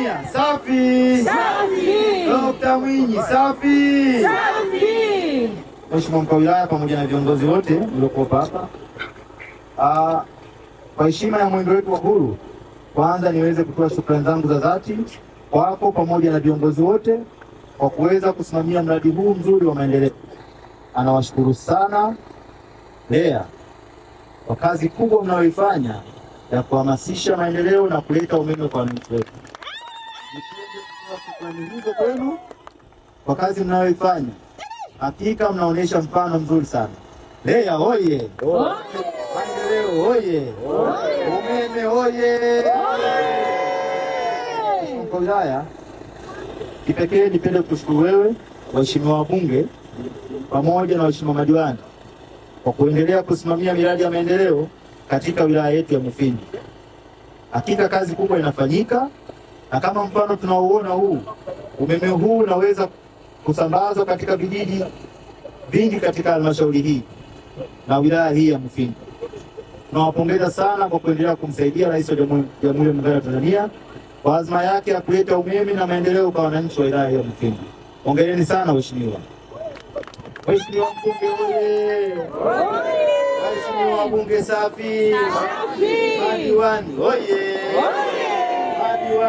Samia safi, safi. Dokta Mwinyi safi, safi. Mheshimiwa mkuu wa wilaya pamoja na viongozi wote mliokuwepo hapa, ah, kwa heshima ya mwenge wetu wa uhuru, kwanza niweze kutoa shukrani zangu za dhati kwako pamoja na viongozi wote kwa kuweza kusimamia mradi huu mzuri wa maendeleo. Anawashukuru sana lea kwa kazi kubwa mnayoifanya ya kuhamasisha maendeleo na kuleta umeme kwa wananchi wetu shukrani hizo kwenu kwa kazi mnayoifanya, hakika mnaonyesha mfano mzuri sana. leya oye, Maendeleo oye, Umeme oye, Kwa wilaya kipekee, nipende kushukuru wewe, waheshimiwa wabunge pamoja na waheshimiwa madiwani kwa kuendelea kusimamia miradi ya maendeleo katika wilaya yetu ya Mufindi. Hakika kazi kubwa inafanyika na kama mfano tunaouona huu, umeme huu unaweza kusambazwa katika vijiji vingi katika halmashauri hii na wilaya hii ya Mufindi. Tunawapongeza sana kwa kuendelea kumsaidia Rais wa Jamhuri ya Muungano wa Tanzania kwa azma yake ya kuleta umeme na maendeleo kwa wananchi wa wilaya hii ya Mufindi. Hongereni sana waheshimiwa. Waheshimiwa mbunge oye! Waheshimiwa bunge safi! Madiwani oye!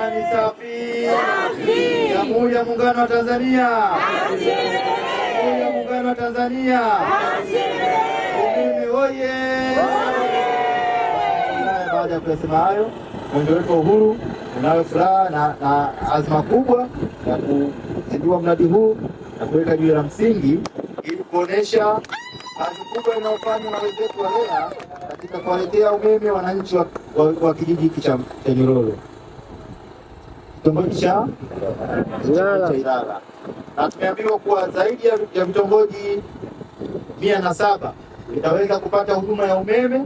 Amani safi. safi. Jamhuri ya Muungano wa Tanzania, Jamhuri ya Muungano wa Tanzania, Umimi oye! Baada ya kusema hayo, mwenge wetu wa uhuru unayo furaha na, na azma kubwa ya kuzindua mradi huu na kuweka jiwe la msingi ili kuonesha kazi kubwa inayofanywa na wenzetu wa REA katika kuwaletea umeme wananchi wa, wa, wa kijiji hiki cha Nyerolo kitongoji cha Ilala na tumeambiwa kuwa zaidi ya vitongoji mia na saba itaweza kupata huduma ya umeme.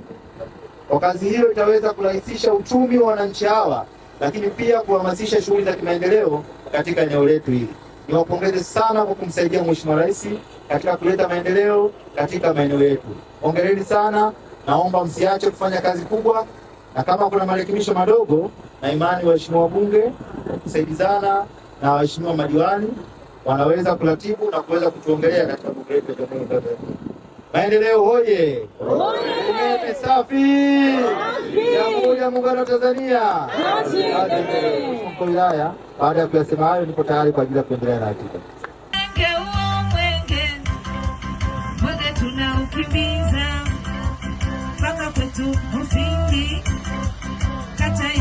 Kwa kazi hiyo itaweza kurahisisha uchumi wa wananchi hawa, lakini pia kuhamasisha shughuli za kimaendeleo katika eneo letu hili. Niwapongeze sana kwa kumsaidia Mheshimiwa Rais katika kuleta maendeleo katika maeneo yetu. Hongereni sana, naomba msiache kufanya kazi kubwa, na kama kuna marekebisho madogo na imani waheshimiwa wabunge kusaidizana na waheshimiwa madiwani wanaweza kuratibu na kuweza kutuongelea katika bunge letu la Jamhuri ya Muungano wa Maendeleo hoye! Umeme safi! Jamhuri ya Muungano wa Tanzania! Mkuu wilaya, baada ya kuyasema hayo, niko tayari kwa ajili ya kuendelea na ratiba. Mwenge tunaukimbiza mpaka kwetu kata